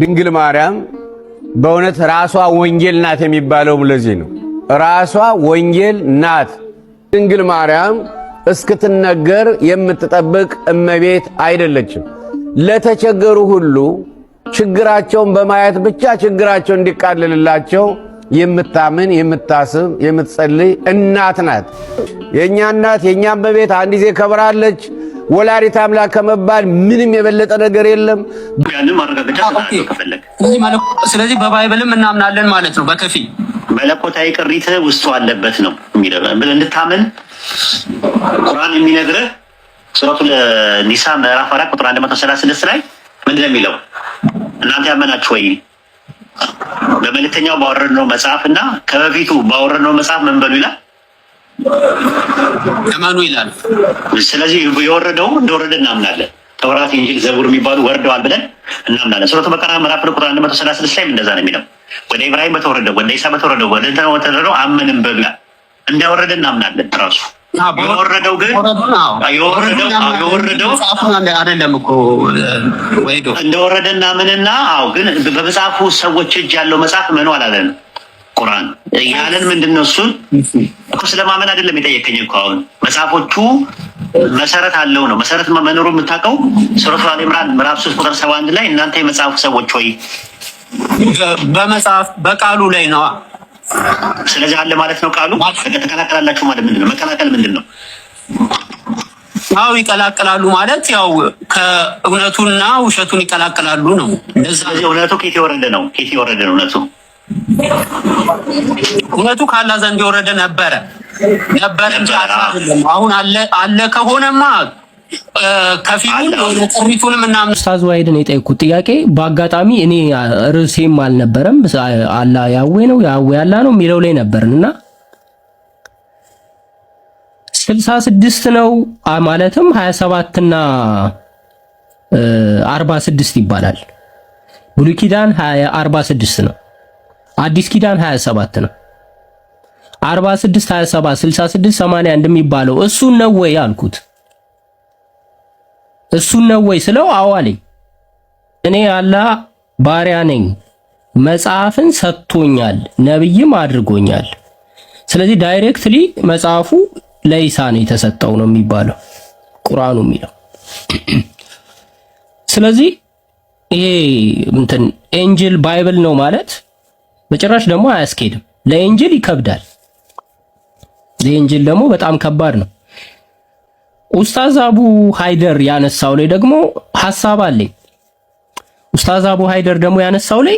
ድንግል ማርያም በእውነት ራሷ ወንጌል ናት የሚባለውም ለዚህ ነው። ራሷ ወንጌል ናት ድንግል ማርያም እስክትነገር የምትጠብቅ እመቤት አይደለችም። ለተቸገሩ ሁሉ ችግራቸውን በማየት ብቻ ችግራቸው እንዲቃልልላቸው የምታምን የምታስብ የምትጸልይ እናት ናት። የእኛ እናት የእኛ እመቤት አንድ ጊዜ ከብራለች። ወላዲተ አምላክ ከመባል ምንም የበለጠ ነገር የለም። ስለዚህ በባይብልም እናምናለን ማለት ነው። በከፊል መለኮታዊ ቅሪት ውስጡ አለበት ነው እንድታምን ቁርአን የሚነግርህ ሱረቱ ኒሳ ምዕራፍ አራት ቁጥር ስድስት ላይ ምንድን ነው የሚለው? እናንተ ያመናችሁ ወይ በመልእክተኛው ባወረድነው መጽሐፍ እና ከበፊቱ ባወረድነው መጽሐፍ ምን በሉ ይላል? እመኑ ይላል። ስለዚህ የወረደው እንደወረደ እናምናለን። ተውራት፣ ኢንጂል፣ ዘቡር የሚባሉ ወርደዋል ብለን እናምናለን። ሱረቱ በቀራ ምዕራፍ ቁጥር አንድ መቶ ሰላሳ ስድስት ላይ እንደዛ ነው የሚለው ወደ ኢብራሂም በተወረደው ወደ ኢሳ በተወረደው ወደ ተወረደው አመንም በሉ ይላል። እንዳወረደ እናምናለን ራሱ የወረደው ግን የወረደው አይደለም እኮ እንደወረደ እናምንና፣ አዎ ግን በመጽሐፉ ሰዎች እጅ ያለው መጽሐፍ ምነው አላለን። ቁርአን ያለን ምንድን ነው? እሱን እኮ ስለማመን አይደለም የጠየቀኝ እኮ አሁን መጽሐፎቹ መሰረት አለው ነው። መሰረት መኖሩ የምታውቀው ሱረቱል አሊ ኢምራን ምዕራፍ ሶስት ቁጥር ሰባ አንድ ላይ እናንተ የመጽሐፉ ሰዎች ሆይ በመጽሐፍ በቃሉ ላይ ነዋ ስለዚህ አለ ማለት ነው ቃሉ። ተቀላቀላላችሁ ማለት ምንድን ነው? መቀላቀል ምንድን ነው? አዎ ይቀላቀላሉ ማለት ያው ከእውነቱና ውሸቱን ይቀላቀላሉ ነው። ስለዚህ እውነቱ ኬት የወረደ ነው? ኬት የወረደ ነው እውነቱ? እውነቱ ካላ ዘንድ የወረደ ነበረ ነበረ። አሁን አለ አለ ከሆነማ ከፊሉን ጥሪቱን ኡስታዝ ዋሂድን የጠየኩት ጥያቄ በአጋጣሚ እኔ ርዕሴም አልነበረም። አላ ያዌ ነው ያዌ አላ ነው የሚለው ላይ ነበርን እና ስልሳ ስድስት ነው ማለትም ሀያ ሰባት እና አርባ ስድስት ይባላል። ብሉይ ኪዳን አርባ ስድስት ነው። አዲስ ኪዳን ሀያ ሰባት ነው። አርባ ስድስት ሀያ ሰባት ስልሳ ስድስት ሰማንያ እንደሚባለው እሱን ነው ወይ አልኩት። እሱን ነው ወይ ስለው አዎ አለኝ። እኔ አላ ባሪያ ነኝ፣ መጽሐፍን ሰጥቶኛል፣ ነብይም አድርጎኛል። ስለዚህ ዳይሬክትሊ መጽሐፉ ለኢሳ ነው የተሰጠው ነው የሚባለው ቁርአኑ የሚለው። ስለዚህ ይሄ እንትን ኤንጅል ባይብል ነው ማለት በጭራሽ ደግሞ አያስኬድም። ለኤንጅል ይከብዳል። ለኤንጅል ደግሞ በጣም ከባድ ነው። ኡስታዝ አቡ ሃይደር ያነሳው ላይ ደግሞ ሐሳብ አለኝ። ኡስታዝ አቡ ሃይደር ደግሞ ያነሳው ላይ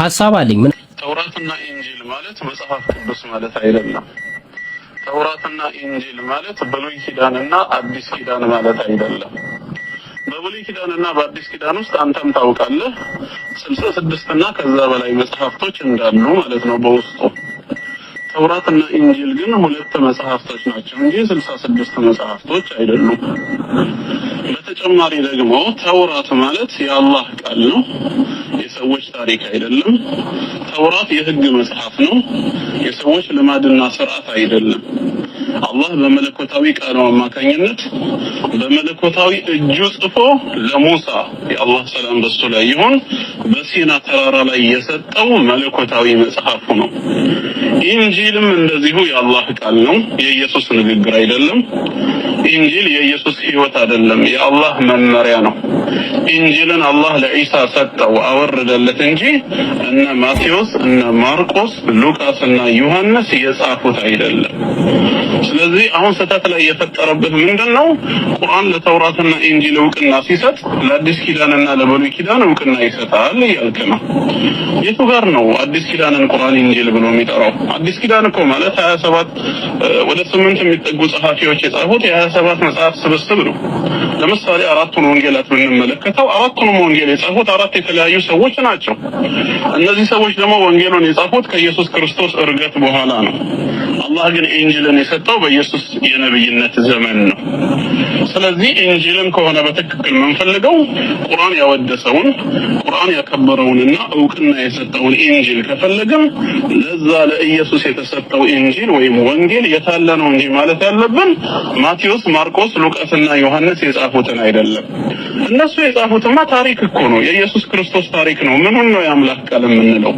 ሐሳብ አለኝ። ምን ተውራትና ኢንጂል ማለት መጽሐፍ ቅዱስ ማለት አይደለም። ተውራትና ኢንጂል ማለት ብሉይ ኪዳንና አዲስ ኪዳን ማለት አይደለም። በብሉይ ኪዳንና በአዲስ ኪዳን ውስጥ አንተም ታውቃለህ ስልሳ እና ከዛ በላይ መጽሐፍቶች እንዳሉ ማለት ነው በውስጡ ተውራት እና ኢንጂል ግን ሁለት መጽሐፍቶች ናቸው እንጂ ስልሳ ስድስት መጽሐፍቶች አይደሉም። በተጨማሪ ደግሞ ተውራት ማለት የአላህ ቃል ነው፣ የሰዎች ታሪክ አይደለም። ተውራት የህግ መጽሐፍ ነው፣ የሰዎች ልማድና ስርዓት አይደለም። አላህ በመለኮታዊ ቃሉ አማካኝነት በመለኮታዊ እጁ ጽፎ ለሙሳ የአላህ ሰላም በሱ ላይ ይሁን በሲና ተራራ ላይ የሰጠው መለኮታዊ መጽሐፉ ነው። ኢንጂልም እንደዚሁ የአላህ ቃል ነው፣ የኢየሱስ ንግግር አይደለም። ኢንጂል የኢየሱስ ህይወት አይደለም፣ የአላህ መመሪያ ነው። ኢንጂልን አላህ ለኢሳ ሰጠው አወረደለት እንጂ እነ ማቴዎስ እነ ማርቆስ ሉቃስ እና ዮሐንስ የጻፉት አይደለም። ስለዚህ አሁን ስህተት ላይ የፈጠረብህ ምንድን ነው? ቁርአን ለተውራትና ኢንጂል እውቅና ሲሰጥ ለአዲስ ኪዳንና ለብሉይ ኪዳን እውቅና ይሰጣል እያልክ ነው። የቱ ጋር ነው አዲስ ኪዳንን ቁርአን ኢንጂል ብሎ የሚጠራው? አዲስ ኪዳን እኮ ማለት 27 ወደ 8 የሚጠጉ ጸሐፊዎች የጻፉት ሰባት መጽሐፍ ስብስብ ነው። ለምሳሌ አራቱን ወንጌላት ብንመለከተው አራቱንም ወንጌል የጻፉት አራት የተለያዩ ሰዎች ናቸው። እነዚህ ሰዎች ደግሞ ወንጌሉን የጻፉት ከኢየሱስ ክርስቶስ እርገት በኋላ ነው። አላህ ግን ኢንጂልን የሰጠው በኢየሱስ የነብይነት ዘመን ነው። ስለዚህ ኢንጂልን ከሆነ በትክክል የምንፈልገው ቁርአን ያወደሰውን ቁርአን ያከበረውንና እውቅና የሰጠውን ኢንጅል ከፈለግም ለዛ ለኢየሱስ የተሰጠው ኢንጅል ወይም ወንጌል የታለ ነው እንጂ ማለት ያለብን ማቴዎስ፣ ማርቆስ፣ ሉቃስና ዮሐንስ የጻፉትን አይደለም። እነሱ የጻፉትማ ታሪክ እኮ ነው፣ የኢየሱስ ክርስቶስ ታሪክ ነው። ምኑን ነው የአምላክ ቃል የምንለው?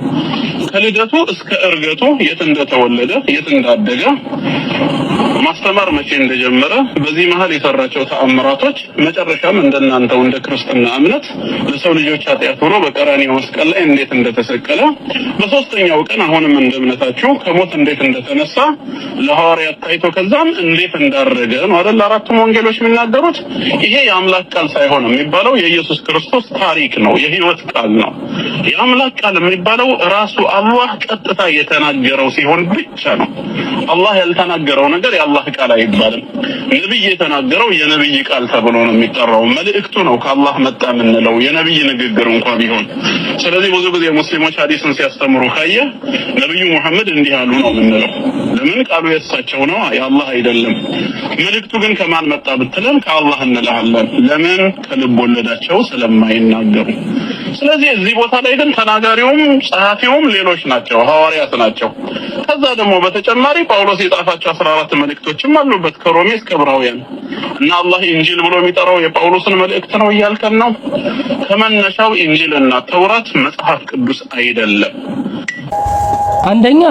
ከልደቱ እስከ እርገቱ የት እንደተወለደ የት እንዳደ እንዳደገ ማስተማር መቼ እንደጀመረ በዚህ መሀል የሰራቸው ተአምራቶች መጨረሻም እንደናንተው እንደ ክርስትና እምነት ለሰው ልጆች ኃጢአት ብሎ በቀራንዮ መስቀል ላይ እንዴት እንደተሰቀለ በሶስተኛው ቀን አሁንም እንደ እምነታችሁ ከሞት እንዴት እንደተነሳ ለሐዋርያት ታይቶ ከዛም እንዴት እንዳረገ ነው አይደል አራቱም ወንጌሎች የሚናገሩት። ይሄ የአምላክ ቃል ሳይሆን የሚባለው የኢየሱስ ክርስቶስ ታሪክ ነው፣ የህይወት ቃል ነው። የአምላክ ቃል የሚባለው ራሱ አላህ ቀጥታ የተናገረው ሲሆን ብቻ ነው። አላህ ያልተናገረው ነገር የአላህ ቃል አይባልም። ነብይ የተናገረው የነብይ ቃል ተብሎ ነው የሚጠራው። መልእክቱ ነው ከአላህ መጣ የምንለው የነብይ ንግግር እንኳ ቢሆን። ስለዚህ ብዙ ጊዜ ሙስሊሞች ሀዲስን ሲያስተምሩ ካየ ነብዩ መሐመድ እንዲህ አሉ ነው የምንለው። ለምን ቃሉ የሳቸው ነው የአላህ አይደለም። መልእክቱ ግን ከማን መጣ ብትለን ከአላህ እንልሃለን። ለምን ከልብ ወለዳቸው ስለማይናገሩ ስለዚህ እዚህ ቦታ ላይ ግን ተናጋሪውም ጸሐፊውም ሌሎች ናቸው፣ ሐዋርያት ናቸው። ከዛ ደግሞ በተጨማሪ ጳውሎስ የጻፋቸው አስራ አራት መልእክቶችም አሉበት ከሮሜ እስከ ዕብራውያን እና አላህ ኢንጂል ብሎ የሚጠራው የጳውሎስን መልእክት ነው እያልከን ነው። ከመነሻው እና ተውራት መጽሐፍ ቅዱስ አይደለም። አንደኛ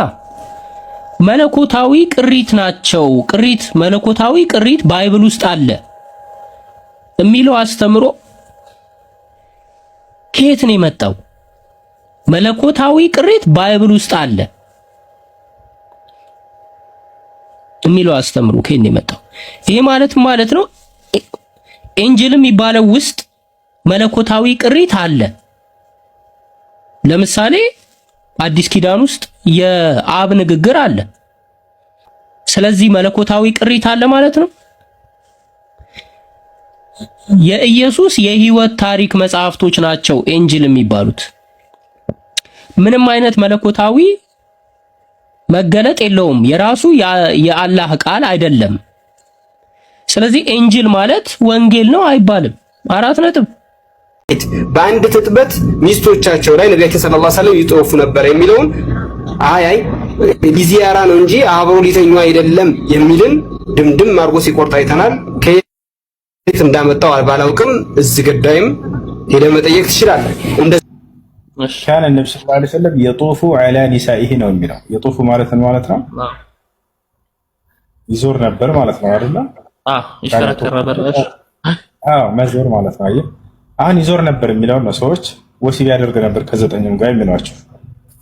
መለኮታዊ ቅሪት ናቸው። ቅሪት መለኮታዊ ቅሪት ባይብል ውስጥ አለ የሚለው አስተምሮ ከየት ነው የመጣው? መለኮታዊ ቅሬት ባይብል ውስጥ አለ የሚለው አስተምሮ ከየት ነው የመጣው? ይሄ ማለት ማለት ነው ኤንጅል የሚባለው ውስጥ መለኮታዊ ቅሪት አለ። ለምሳሌ አዲስ ኪዳን ውስጥ የአብ ንግግር አለ። ስለዚህ መለኮታዊ ቅሪት አለ ማለት ነው። የኢየሱስ የህይወት ታሪክ መጽሐፍቶች ናቸው ኤንጅል የሚባሉት። ምንም አይነት መለኮታዊ መገለጥ የለውም። የራሱ የአላህ ቃል አይደለም። ስለዚህ ኤንጅል ማለት ወንጌል ነው አይባልም። አራት ነጥብ። በአንድ ትጥበት ሚስቶቻቸው ላይ ነቢያችን ሰለላሁ ዐለይሂ ወሰለም ይጠወፉ ነበር የሚለውን አይ አይ ቢዚያራ ነው እንጂ አብሮ ሊተኙ አይደለም የሚልን ድምድም አድርጎ ሲቆርጥ አይተናል። እንዴት እንዳመጣው ባላውቅም እዚህ ግዳይም ሄደህ መጠየቅ ትችላለህ። ካነ ነብስ ስ ላ ሰለም የጦፉ ላ ኒሳኢህ ነው የሚለው የጦፉ ማለት ነው ማለት ነው ይዞር ነበር ማለት ነው አይደለ? ይሽከረከር ነበር መዞር ማለት ነው። አየህ አሁን ይዞር ነበር የሚለው ነው ሰዎች ወሲብ ያደርግ ነበር ከዘጠኝም ጋር የሚሏቸው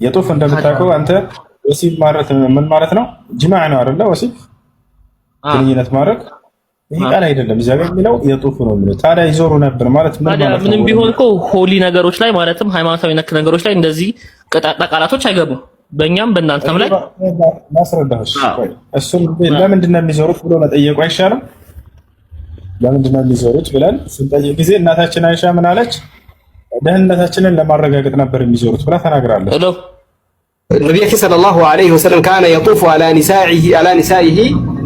የጦፍ እንደምታውቀው አንተ ወሲብ ማለት ምን ማለት ነው? ጅማዕ ነው አይደለ? ወሲብ ግንኙነት ማድረግ ይሄ ቃል አይደለም። እግዚአብሔር የሚለው የጡፍ ነው የሚለው። ታዲያ ይዞሩ ነበር ማለት ምንም ቢሆን እኮ ሆሊ ነገሮች ላይ ማለትም ሃይማኖታዊ ነክ ነገሮች ላይ እንደዚህ ቀጣጣ ቃላቶች አይገቡም። በእኛም በእናንተም ላይ ማስረዳሽ እሱ ለምንድን ነው የሚዞሩት ብሎ መጠየቁ አይሻልም? ለምንድን ነው የሚዞሩት ብለን ስንጠይቅ ጊዜ እናታችን አይሻ ምን አለች? ደህንነታችንን ለማረጋገጥ ነበር የሚዞሩት ብላ ተናግራለች። ነቢያችን ሰለላሁ ዐለይሂ ወሰለም ካነ የጡፉ ዐላ ኒሳኢሂ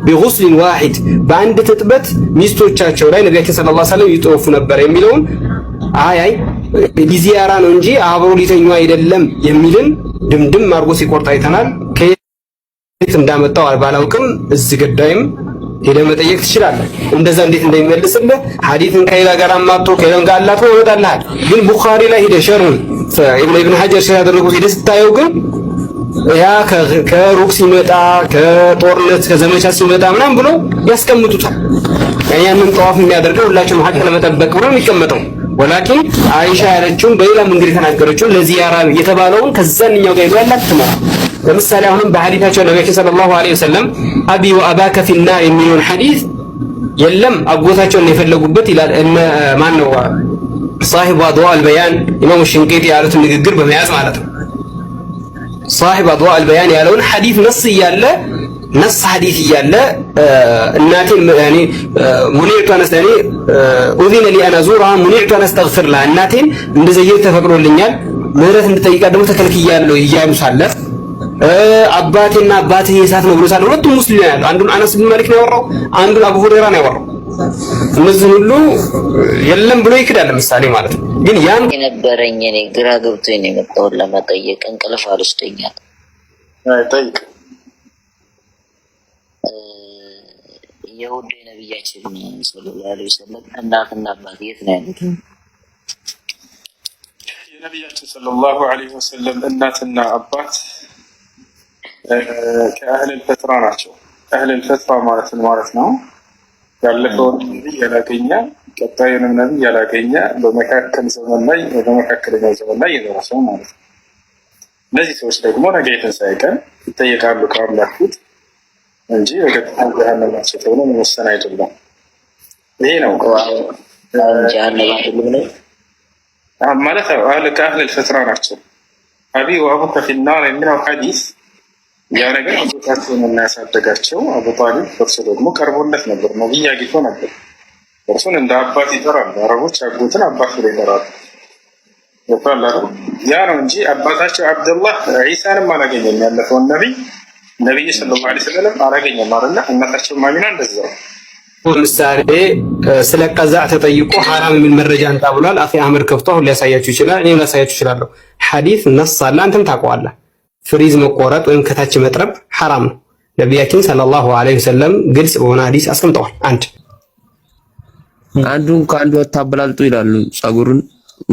ቢጉስሊን ዋሂድ በአንድ ትጥበት ሚስቶቻቸው ላይ ነቢያችን ሰለላሁ ዐለይሂ ወሰለም ይጠወፉ ነበር የሚለውን አይ አይ ሊዚያራ ነው እንጂ አብሮ ሊተኙ አይደለም የሚልን ድምድም አድርጎ ሲቆርጥ አይተናል። ከየት እንዳመጣው ባላውቅም እዚህ ገዳይም ሄደህ መጠየቅ ትችላለህ። እንደዛ እንዴት እንደሚመልስልህ ሐዲትን ከሌላ ጋር አማቶ ከሌላም ጋር አላቶ ይወጣልሃል። ግን ቡኻሪ ላይ ሄደህ ሸርህ ኢብኑ ሐጀር ሸርህ ያደረጉት ሄደህ ስታየው ግን ያ ከሩቅ ሲመጣ ከጦርነት ከዘመቻ ሲመጣ ምናምን ብሎ ያስቀምጡታል። ያንን ጠዋፍ የሚያደርገው ሁላችንም ሀቅ ለመጠበቅ ብሎ የሚቀመጠው ወላኪን አይሻ ያለችውን በሌላ መንገድ የተናገረችውን ለዚያራ የተባለውን ከዛንኛው ጋር ይላል ትመራ። ለምሳሌ አሁንም በሀዲታቸው ነቢያችን ሰለላሁ ዐለይሂ ወሰለም አቢ ወአባከ ፊናር የሚለውን ሐዲስ የለም አጎታቸውን የፈለጉበት ይላል። ማን ነው ሳሂቡ አድዋ አልበያን ኢማሙ ሽንቂጢ ያሉትን ንግግር በመያዝ ማለት ነው ሳሒብ አድዋ አልበያን ያለውን ሐዲስ ነስ እያለ ነስ ሐዲስ እያለ እናቴን ሙኒዕቱ አነስ ኡዚነ ሊ አን አዙራ ሙኒዕቱ አነስተግፊር ለሃ እናቴን እንደዘየት ተፈቅዶልኛል ምህረት እንድጠይቃ ደግሞ ተከልክያለሁ እያሉ ሳለ አባቴና አባትህ የእሳት ነው ብሎ ሳለ ሁለቱም ሙስሊም ያሉ አንዱን አነስ ብን ማሊክ ነው ያወራው፣ አንዱን አቡ ሁረይራ ነው ያወራው። እነዚህን ሁሉ የለም ብሎ ይክዳል። ለምሳሌ ማለት ነው። ግን ያን የነበረኝ እኔ ግራ ገብቶኝ ነው የመጣሁት ለመጠየቅ። እንቅልፍ አልወስደኛል። ጠይቅ። የውድ የነቢያችን ሰለላሁ ዐለይሂ ወሰለም እናትና አባት የት ነው ያሉት? የነቢያችን ሰለላሁ ዐለይሂ ወሰለም እናትና አባት ከአህልል ፈትራ ናቸው። አህልል ፈትራ ማለት ማለት ነው ያለፈውን ነቢይ ያላገኘ ቀጣዩንም ነቢይ ያላገኘ በመካከል ዘመን ላይ በመካከለኛው ዘመን ላይ የደረሰ ማለት ነው። እነዚህ ሰዎች ደግሞ ነገ የትንሣኤ ቀን ይጠየቃሉ ከአምላክ ፊት እንጂ በቀጥታ ገሃነም ናቸው ተብሎ መወሰን አይደለም። ይሄ ነው ማለት አህል ከአህል ልፈትራ ናቸው አቢ ወአቡከ ፊናር የሚለው ሀዲስ ያ ነገር አጎታቸውን እናያሳደጋቸው አቡ ጣሊብ እርሱ ደግሞ ቀርቦለት ነበር፣ ነቢይ አግኝቶ ነበር። እርሱን እንደ አባት ይጠራሉ። አረቦች አጎትን አባት ብለው ይጠራሉ። ያ ነው እንጂ አባታቸው አብደላህ ዒሳንም አላገኘም። ያለፈውን ነቢይ ነቢይ ሰለላሁ ዐለይሂ ወሰለም አላገኘም አለ። እናታቸው ማሚና እንደዛ ምሳሌ ስለ ቀዛ ተጠይቆ ሐራም የሚል መረጃ እንጣ ብሏል። አፌ አህመድ ከፍቶ አሁን ሊያሳያችሁ ይችላል። እኔም ላሳያችሁ ይችላለሁ። ሐዲስ ነሳ አለ፣ አንተም ታውቀዋለህ ፍሪዝ መቆረጥ ወይም ከታች መጥረብ ሐራም ነው። ነቢያችን ሰለላሁ ዐለይሂ ወሰለም ግልጽ በሆነ ሐዲስ አስቀምጠዋል። አንድ አንዱን ከአንዱ አታበላልጡ ይላሉ። ጸጉሩን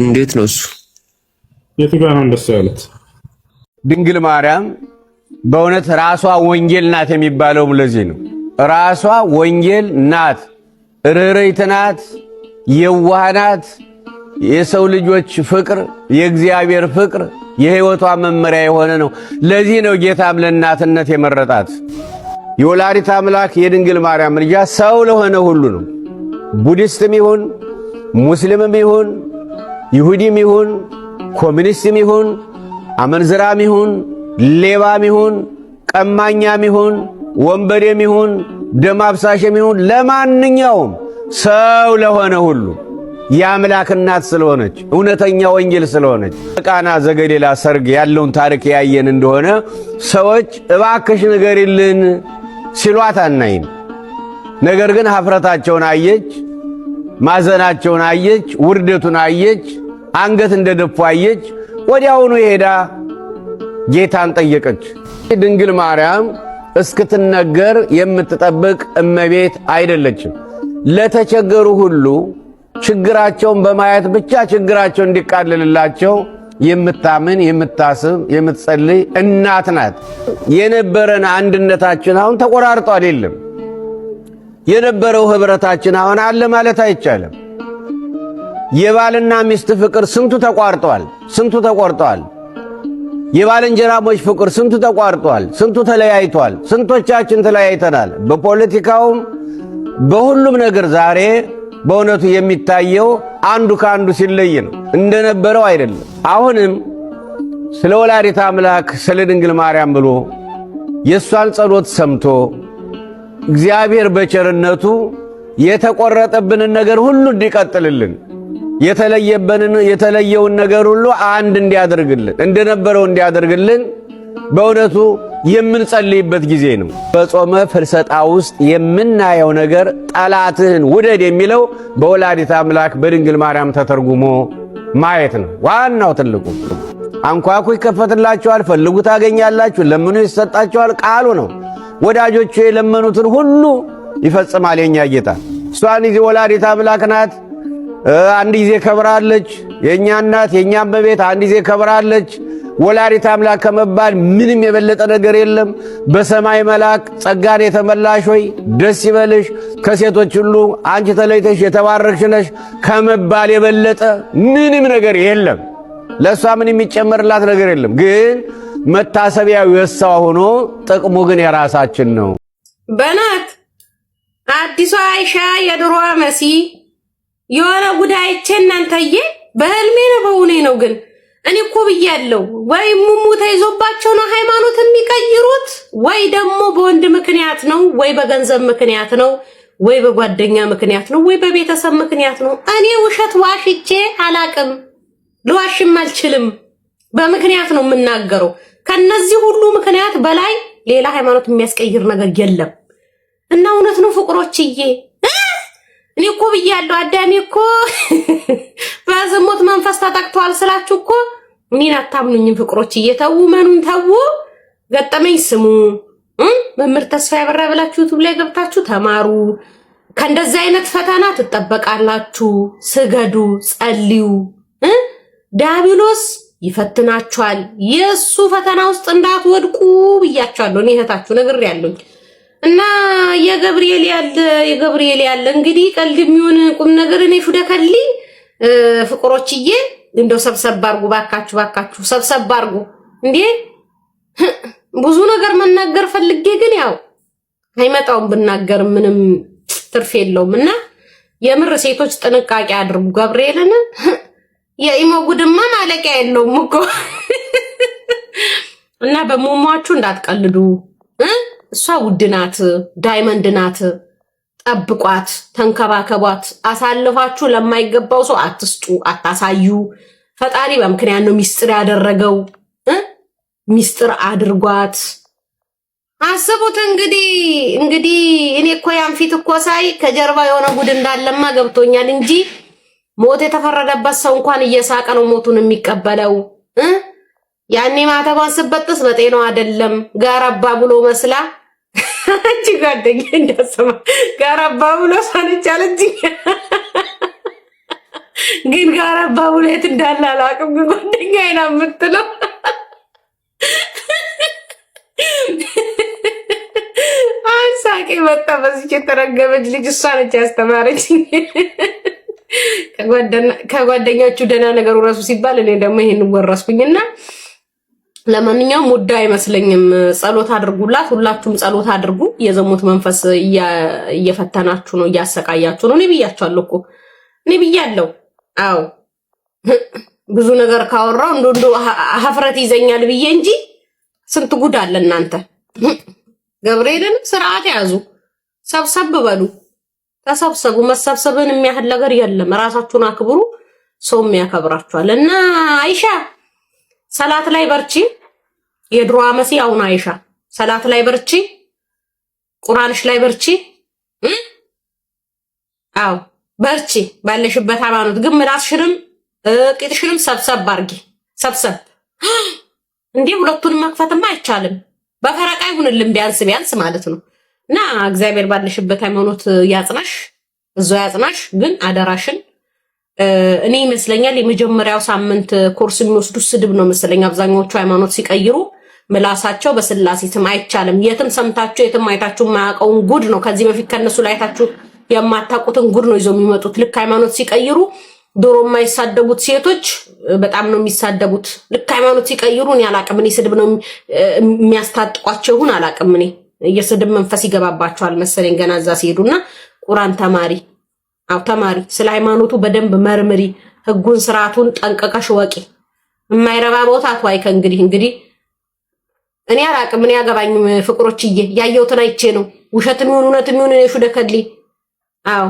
እንዴት ነው እሱ? የቱ ጋር ነው እንደሱ ያሉት? ድንግል ማርያም በእውነት ራሷ ወንጌል ናት የሚባለውም ለዚህ ነው። ራሷ ወንጌል ናት፣ ርህርህት ናት፣ የዋህ ናት፣ የሰው ልጆች ፍቅር፣ የእግዚአብሔር ፍቅር የሕይወቷ መመሪያ የሆነ ነው። ለዚህ ነው ጌታም ለእናትነት የመረጣት። የወላዲት አምላክ የድንግል ማርያም ምልጃ ሰው ለሆነ ሁሉ ነው። ቡዲስትም ይሁን ሙስሊምም ይሁን ይሁዲም ይሁን ኮሚኒስትም ይሁን አመንዝራም ይሁን ሌባም ይሁን ቀማኛም ይሁን ወንበዴም ይሁን ደም አፍሳሽም ይሁን ለማንኛውም ሰው ለሆነ ሁሉ የአምላክ እናት ስለሆነች እውነተኛ ወንጌል ስለሆነች ቃና ዘገሌላ ሰርግ ያለውን ታሪክ ያየን እንደሆነ ሰዎች እባክሽ ንገሪልን ሲሏት አናይም። ነገር ግን ሀፍረታቸውን አየች፣ ማዘናቸውን አየች፣ ውርደቱን አየች፣ አንገት ደፉ አየች። ወዲያውኑ ሄዳ ጌታን ጠየቀች። ድንግል ማርያም እስክትነገር የምትጠብቅ እመቤት አይደለችም። ለተቸገሩ ሁሉ ችግራቸውን በማየት ብቻ ችግራቸው እንዲቃልልላቸው የምታምን የምታስብ የምትጸልይ እናት ናት። የነበረን አንድነታችን አሁን ተቆራርጦ አይደለም። የነበረው ህብረታችን አሁን አለ ማለት አይቻልም። የባልና ሚስት ፍቅር ስንቱ ተቋርጧል፣ ስንቱ ተቆርጧል። የባልንጀራሞች ፍቅር ስንቱ ተቋርጧል፣ ስንቱ ተለያይቷል። ስንቶቻችን ተለያይተናል። በፖለቲካውም በሁሉም ነገር ዛሬ በእውነቱ የሚታየው አንዱ ከአንዱ ሲለይ ነው፣ እንደነበረው አይደለም። አሁንም ስለ ወላዲት አምላክ ስለ ድንግል ማርያም ብሎ የእሷን ጸሎት ሰምቶ እግዚአብሔር በቸርነቱ የተቆረጠብንን ነገር ሁሉ እንዲቀጥልልን የተለየበንን የተለየውን ነገር ሁሉ አንድ እንዲያደርግልን እንደነበረው እንዲያደርግልን በእውነቱ የምንጸልይበት ጊዜ ነው። በጾመ ፍልሰጣ ውስጥ የምናየው ነገር ጠላትህን ውደድ የሚለው በወላዲት አምላክ በድንግል ማርያም ተተርጉሞ ማየት ነው። ዋናው ትልቁ አንኳኩ ይከፈትላችኋል፣ ፈልጉ ታገኛላችሁ፣ ለምኑ ይሰጣችኋል ቃሉ ነው። ወዳጆቹ የለመኑትን ሁሉ ይፈጽማል የኛ ጌታ። እሷን ይዚ ወላዲት አምላክ ናት። አንድ ጊዜ ከብራለች። የእኛ እናት የእኛ እመቤት አንድ ጊዜ ከብራለች። ወላዲት አምላክ ከመባል ምንም የበለጠ ነገር የለም። በሰማይ መልአክ ጸጋን የተመላሽ ሆይ ደስ ይበልሽ፣ ከሴቶች ሁሉ አንቺ ተለይተሽ የተባረክሽ ነሽ ከመባል የበለጠ ምንም ነገር የለም። ለእሷ ምን የሚጨመርላት ነገር የለም። ግን መታሰቢያው የእሷ ሆኖ ጥቅሙ ግን የራሳችን ነው። በናት አዲሷ አይሻ የድሮዋ መሲ የሆነ ጉዳይቼ እናንተዬ በህልሜ ነው በውኔ ነው። ግን እኔ እኮ ብያለሁ ወይ ሙሙ ተይዞባቸው ነው ሃይማኖት የሚቀይሩት፣ ወይ ደግሞ በወንድ ምክንያት ነው፣ ወይ በገንዘብ ምክንያት ነው፣ ወይ በጓደኛ ምክንያት ነው፣ ወይ በቤተሰብ ምክንያት ነው። እኔ ውሸት ዋሽቼ አላቅም፣ ልዋሽም አልችልም። በምክንያት ነው የምናገረው። ከነዚህ ሁሉ ምክንያት በላይ ሌላ ሃይማኖት የሚያስቀይር ነገር የለም እና እውነት ነው ፍቅሮችዬ እኔ እኮ ብያለሁ። አዳሜ እኮ በዝሙት መንፈስ ተጠቅቷል ስላችሁ እኮ እኔን አታምኑኝም ፍቅሮች እየተዉ መኑን ተዉ። ገጠመኝ ስሙ መምህር ተስፋ ያበራ ብላችሁ ዩቱብ ላይ ገብታችሁ ተማሩ። ከእንደዚህ አይነት ፈተና ትጠበቃላችሁ። ስገዱ፣ ጸልዩ። ዲያብሎስ ይፈትናችኋል። የእሱ ፈተና ውስጥ እንዳትወድቁ ብያችኋለሁ። እኔ እህታችሁ ነግሬያለሁኝ። እና የገብርኤል ያለ የገብርኤል ያለ እንግዲህ ቀልድ የሚሆን ቁም ነገር እኔ ፍደከልኝ ከሊ ፍቅሮችዬ እንደው ሰብሰብ አርጉ ባካችሁ፣ ባካችሁ ሰብሰብ አርጉ። እንዴ ብዙ ነገር መናገር ፈልጌ ግን ያው አይመጣውም ብናገር ምንም ትርፍ የለውም። እና የምር ሴቶች ጥንቃቄ አድርጉ። ገብርኤልን የኢሞ ጉድማ ማለቂያ የለውም እኮ እና በሞሟችሁ እንዳትቀልዱ። እሷ ውድ ናት፣ ዳይመንድ ናት። ጠብቋት፣ ተንከባከቧት። አሳልፋችሁ ለማይገባው ሰው አትስጡ፣ አታሳዩ። ፈጣሪ በምክንያት ነው ሚስጥር ያደረገው። ሚስጥር አድርጓት። አስቡት እንግዲህ እንግዲህ እኔ እኮ ያን ፊት እኮ ሳይ ከጀርባ የሆነ ጉድ እንዳለማ ገብቶኛል እንጂ ሞት የተፈረደበት ሰው እንኳን እየሳቀ ነው ሞቱን የሚቀበለው። ያኔ ማተቧን ስበጥስ በጤናው አይደለም አባ ብሎ መስላ አንቺ ጓደኛ እንዳሰማ ጋር አባብሎ ሳንቻል እንጂ ግን ጋር አባብሎ የት እንዳለ አላውቅም። ግን ጓደኛ ይና የምትለው አንሳቄ መጣ። በዚች የተረገመች ልጅ እሷ ነች ያስተማረች። ከጓደኞቹ ደህና ነገሩ ረሱ ሲባል እኔ ደግሞ ይህን ወረስኩኝና ለማንኛውም ውዳ አይመስለኝም። ጸሎት አድርጉላት፣ ሁላችሁም ጸሎት አድርጉ። የዘሙት መንፈስ እየፈተናችሁ ነው፣ እያሰቃያችሁ ነው። እኔ ብያችኋለሁ እኮ እኔ ብያለሁ። አዎ ብዙ ነገር ካወራው እንዶ እንዶ ሀፍረት ይዘኛል ብዬ እንጂ ስንት ጉድ አለ እናንተ። ገብርኤልን ስርዓት ያዙ፣ ሰብሰብ በሉ፣ ተሰብሰቡ። መሰብሰብን የሚያህል ነገር የለም። ራሳችሁን አክብሩ፣ ሰውም ያከብራችኋል እና አይሻ ሰላት ላይ በርቺ። የድሮ አመሴ አሁን አይሻ ሰላት ላይ በርቺ፣ ቁራንሽ ላይ በርቺ፣ አው በርቺ ባለሽበት ሃይማኖት። ግን ምላስሽንም ቂጥሽንም ሰብሰብ አርጊ፣ ሰብሰብ እንዴ ሁለቱንም መክፈትማ አይቻልም። በፈረቃ ይሁንልን ቢያንስ ቢያንስ ማለት ነው። እና እግዚአብሔር ባለሽበት ሃይማኖት ያጽናሽ፣ እዛ ያጽናሽ። ግን አደራሽን እኔ ይመስለኛል የመጀመሪያው ሳምንት ኮርስ የሚወስዱ ስድብ ነው መሰለኝ አብዛኛዎቹ ሃይማኖት ሲቀይሩ ምላሳቸው በስላሴ ስም አይቻልም። የትም ሰምታችሁ የትም አይታችሁ የማያውቀውን ጉድ ነው። ከዚህ በፊት ከነሱ ላይ አይታችሁ የማታውቁትን ጉድ ነው ይዘው የሚመጡት። ልክ ሃይማኖት ሲቀይሩ ዶሮ የማይሳደቡት ሴቶች በጣም ነው የሚሳደቡት። ልክ ሃይማኖት ሲቀይሩ እኔ አላቅም። እኔ ስድብ ነው የሚያስታጥቋቸው ይሁን አላቅም። እኔ የስድብ መንፈስ ይገባባቸዋል መሰለኝ ገና እዛ ሲሄዱና ቁራን ተማሪ አው ተማሪ፣ ስለ ሃይማኖቱ በደንብ መርምሪ፣ ህጉን ስርዓቱን ጠንቀቀሽ ወቂ። የማይረባ ቦታ ተዋይ ከእንግዲህ እንግዲህ እኔ አላቅም። እኔ አገባኝም ፍቅሮችዬ፣ ያየሁትን አይቼ ነው። ውሸትም ይሁን እውነትም ይሁን እኔ ሹደከሊ። አዎ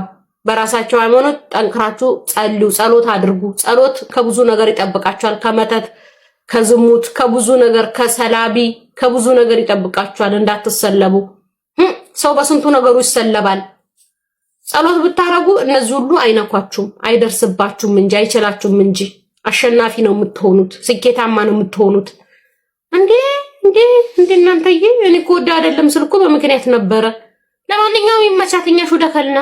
በራሳቸው ሃይማኖት ጠንክራችሁ ጸልዩ፣ ጸሎት አድርጉ። ጸሎት ከብዙ ነገር ይጠብቃችኋል። ከመተት፣ ከዝሙት፣ ከብዙ ነገር፣ ከሰላቢ፣ ከብዙ ነገር ይጠብቃችኋል። እንዳትሰለቡ። ሰው በስንቱ ነገሩ ይሰለባል። ጸሎት ብታረጉ እነዚህ ሁሉ አይነኳችሁም፣ አይደርስባችሁም እንጂ አይችላችሁም እንጂ አሸናፊ ነው የምትሆኑት፣ ስኬታማ ነው የምትሆኑት እንዴ እንዴ እንደናንተዬ፣ እኔ እኮ ወደ አይደለም ስልኩ በምክንያት ነበረ። ለማንኛውም ይመቻትኛሽ ሹደከልና